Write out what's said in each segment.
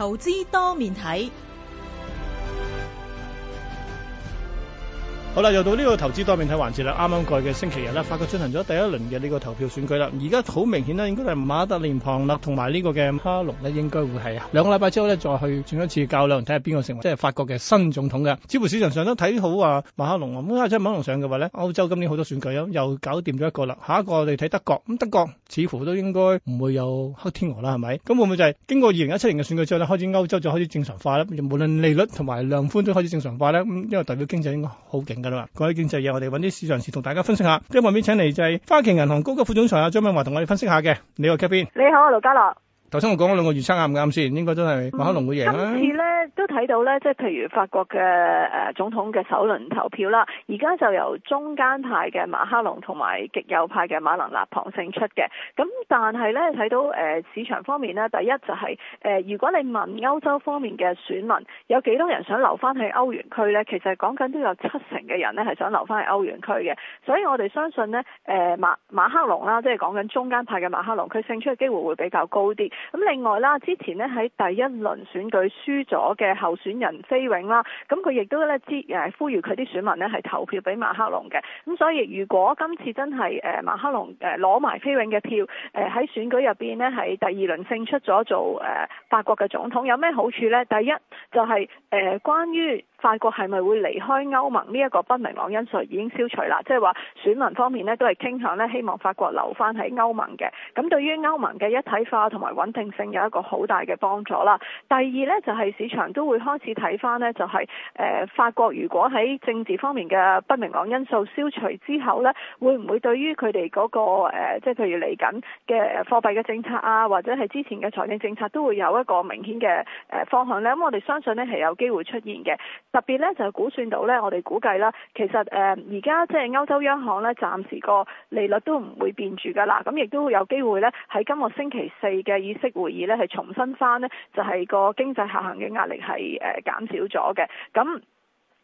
投資多面睇。好啦，又到呢個投資多面睇環節啦。啱啱過去嘅星期日咧，法國進行咗第一輪嘅呢個投票選舉啦。而家好明顯啦，應該係馬德蓮龐同埋呢個嘅馬克龍咧，應該會係兩個禮拜之後咧，再去轉一次較量，睇下邊個成為即係法國嘅新總統嘅。似乎市場上都睇好話馬克龍啊。咁啊，真係馬克龍上嘅話咧，歐洲今年好多選舉咁，又搞掂咗一個啦。下一個我哋睇德國，咁德國似乎都應該唔會有黑天鵝啦，係咪？咁會唔會就係、是、經過二零一七年嘅選舉之後咧，開始歐洲就開始正常化咧？無論利率同埋量寬都開始正常化咧，咁因為代表經濟應該好勁。各位嗰啲經濟嘢，我哋揾啲市場事同大家分析下。咁旁邊請嚟就係花旗銀行高級副總裁啊張敏華，同我哋分析下嘅。你好，Kevin。你好啊，盧家樂。頭先我講嗰兩個預測啱唔啱先，應該都係馬克龍會贏啦、嗯。今次咧都睇到咧，即係譬如法國嘅誒、呃、總統嘅首輪投票啦，而家就由中間派嘅馬克龍同埋極右派嘅馬能納旁勝出嘅。咁但係咧睇到誒、呃、市場方面咧，第一就係、是、誒、呃、如果你問歐洲方面嘅選民有幾多人想留返喺歐元區咧，其實講緊都有七成嘅人咧係想留返喺歐元區嘅。所以我哋相信咧誒、呃、馬馬克龍啦，即係講緊中間派嘅馬克龍，佢勝出嘅機會會比較高啲。咁另外啦，之前呢喺第一輪選舉輸咗嘅候選人菲永啦，咁佢亦都咧呼籲佢啲選民呢係投票俾馬克龍嘅。咁所以如果今次真係馬克龍攞埋菲永嘅票，喺選舉入邊呢係第二輪勝出咗做法國嘅總統，有咩好處呢？第一就係誒關於。法國係咪會離開歐盟呢一個不明朗因素已經消除啦？即係話選民方面呢都係傾向呢希望法國留翻喺歐盟嘅。咁對於歐盟嘅一體化同埋穩定性有一個好大嘅幫助啦。第二呢，就係、是、市場都會開始睇翻呢，就係、是、誒、呃、法國如果喺政治方面嘅不明朗因素消除之後呢，會唔會對於佢哋嗰個即係譬如嚟緊嘅貨幣嘅政策啊，或者係之前嘅財政政策都會有一個明顯嘅誒方向呢？咁我哋相信呢，係有機會出現嘅。特別咧就係估算到咧，我哋估計啦，其實誒而家即係歐洲央行咧，暫時個利率都唔會變住噶啦，咁亦都會有機會咧喺今個星期四嘅議息會議咧，係重新翻呢，就係、是、個經濟下行嘅壓力係減、呃、少咗嘅，咁。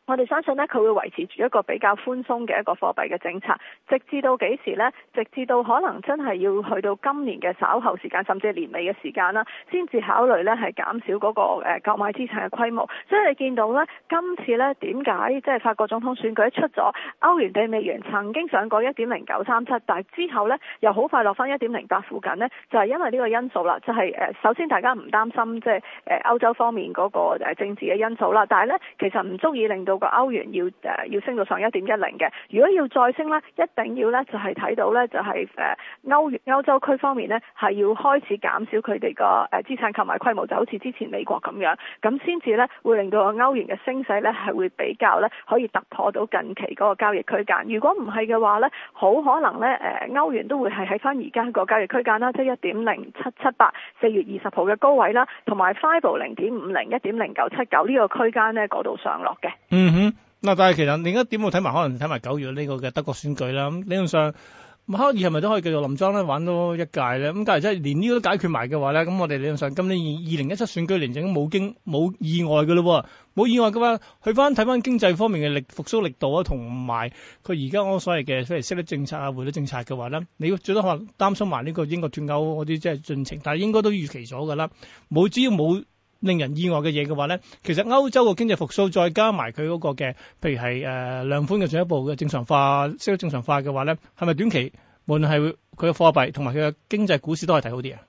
我哋相信呢，佢會維持住一個比較寬鬆嘅一個貨幣嘅政策，直至到幾時呢？直至到可能真係要去到今年嘅稍後時間，甚至係年尾嘅時間啦，先至考慮呢，係減少嗰、那個誒購、呃、買資產嘅規模。所以你見到呢，今次呢，點解即係法國總統選舉一出咗歐元兌美元曾經上過一點零九三七，但係之後呢又好快落翻一點零八附近呢，就係、是、因為呢個因素啦，就係、是、誒、呃、首先大家唔擔心即係誒、呃、歐洲方面嗰個政治嘅因素啦，但係呢其實唔足以令到。個歐元要誒要升到上一點一零嘅。如果要再升呢，一定要呢，就係睇到呢，就係誒歐元歐洲區方面呢，係要開始減少佢哋個誒資產購買規模，就好似之前美國咁樣，咁先至呢，會令到個歐元嘅升勢呢，係會比較呢，可以突破到近期嗰個交易區間。如果唔係嘅話呢，好可能呢，誒歐元都會係喺返而家個交易區間啦，即係一點零七七八四月二十號嘅高位啦，同埋 five 零點五零一點零九七九呢個區間呢，嗰度上落嘅。嗯嗯、哼，嗱，但係其實另一點我睇埋可能睇埋九月呢個嘅德國選舉啦，咁理論上默克爾係咪都可以繼續連莊咧，玩多一屆咧？咁但係真係連呢個都解決埋嘅話咧，咁我哋理論上今年二零一七選舉連整都冇經冇意外噶咯，冇意外嘅話，去翻睇翻經濟方面嘅力復蘇力度啊，同埋佢而家嗰所謂嘅譬如息率政策啊、匯率政策嘅話咧，你最多可能擔心埋呢個英國脫歐嗰啲即係進程，但係應該都預期咗噶啦，冇，只要冇令人意外嘅嘢嘅話咧，其實歐洲嘅經濟復蘇再加埋佢嗰個嘅，譬如係誒量寬嘅進一步嘅正常化，息率正常化嘅話咧，係咪短期無論係佢嘅貨幣同埋佢嘅經濟股市都係睇好啲啊？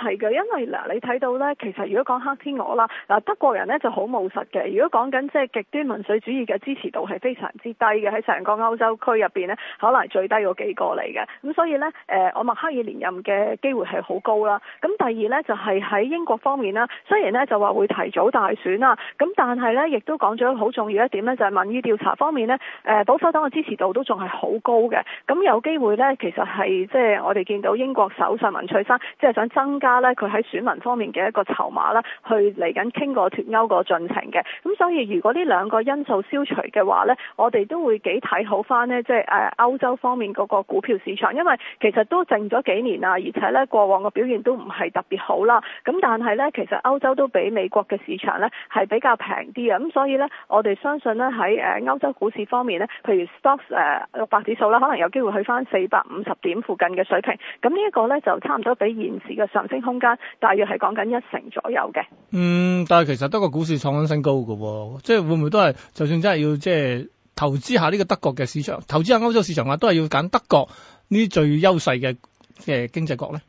係嘅，因為嗱你睇到呢，其實如果講黑天鵝啦，嗱德國人呢就好務實嘅。如果講緊即係極端民粹主義嘅支持度係非常之低嘅，喺成個歐洲區入面呢，可能係最低嗰幾個嚟嘅。咁所以呢，呃，我默克爾連任嘅機會係好高啦。咁第二呢，就係喺英國方面啦，雖然呢就話會提早大選啦，咁但係呢亦都講咗好重要一點呢，就係民意調查方面呢，呃，保守黨嘅支持度都仲係好高嘅。咁有機會呢，其實係即係我哋見到英國首相文翠珊即係想增加。啦，佢喺選民方面嘅一個籌碼啦，去嚟緊傾過脱歐個進程嘅。咁所以如果呢兩個因素消除嘅話呢，我哋都會幾睇好翻呢，即係誒歐洲方面嗰個股票市場，因為其實都靜咗幾年啊，而且呢過往嘅表現都唔係特別好啦。咁但係呢，其實歐洲都比美國嘅市場呢係比較平啲嘅。咁所以呢，我哋相信呢喺誒歐洲股市方面呢，譬如 Stoxx 誒六百指數啦，可能有機會去翻四百五十點附近嘅水平。咁呢一個呢，就差唔多比現時嘅上升。空間大約係講緊一成左右嘅。嗯，但係其實德國股市創新高嘅，即係會唔會都係就算真係要即係投資下呢個德國嘅市場，投資下歐洲市場啊，都係要揀德國呢啲最優勢嘅嘅經濟國咧？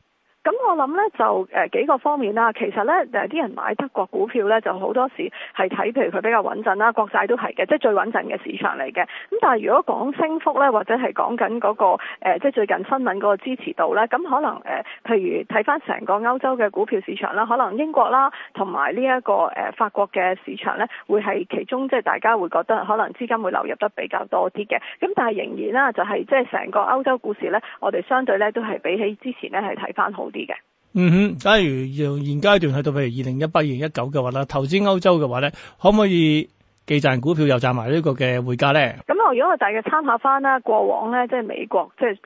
我諗呢就、呃、幾個方面啦、啊，其實呢，啲人買德國股票呢，就好多時係睇譬如佢比較穩陣啦，國債都係嘅，即係最穩陣嘅市場嚟嘅。咁但係如果講升幅呢，或者係講緊嗰個、呃、即係最近新聞嗰個支持度呢，咁可能、呃、譬如睇翻成個歐洲嘅股票市場啦，可能英國啦同埋呢一個、呃、法國嘅市場呢，會係其中即係大家會覺得可能資金會流入得比較多啲嘅。咁但係仍然啦，就係、是、即係成個歐洲股市呢，我哋相對呢，都係比起之前呢，係睇翻好啲嘅。嗯哼，假如由現階段去到譬如二零一八、二零一九嘅話啦，投資歐洲嘅話咧，可唔可以？既賺股票又賺埋呢個嘅匯價呢？咁啊如果我大約參考返啦，過往呢，即係美國即係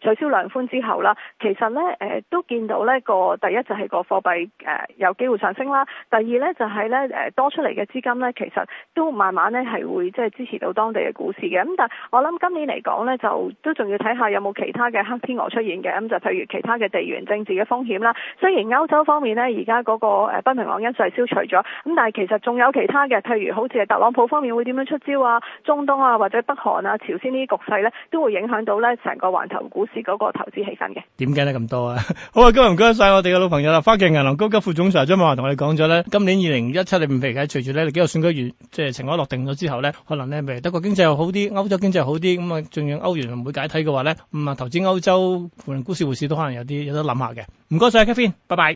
誒取消量寬之後啦，其實呢，呃、都見到呢個第一就係個貨幣誒有機會上升啦，第二呢，就係呢多出嚟嘅資金呢，其實都慢慢呢係會即係支持到當地嘅股市嘅。咁但係我諗今年嚟講呢，就都仲要睇下有冇其他嘅黑天鵝出現嘅。咁就譬如其他嘅地緣政治嘅風險啦。雖然歐洲方面呢，而家嗰個不明朗因素係消除咗，咁但係其實仲有其他嘅，譬如好似特朗普鋪方面會點樣出招啊？中東啊，或者北韓啊、朝鮮呢啲局勢咧，都會影響到咧成個環球股市嗰個投資氣氛嘅。點解咧咁多啊？好啊，今日唔該曬我哋嘅老朋友啦。花旗銀行高級副總裁張敏華同我哋講咗咧，今年二零一七年譬如嘅，隨住咧幾個選舉月即係、呃、情況落定咗之後咧，可能咧咪德國經濟又好啲，歐洲經濟又好啲，咁啊仲要歐元唔會解體嘅話咧，咁、嗯、啊投資歐洲無論股市匯市都可能有啲有得諗下嘅。唔該晒，Kevin，拜拜。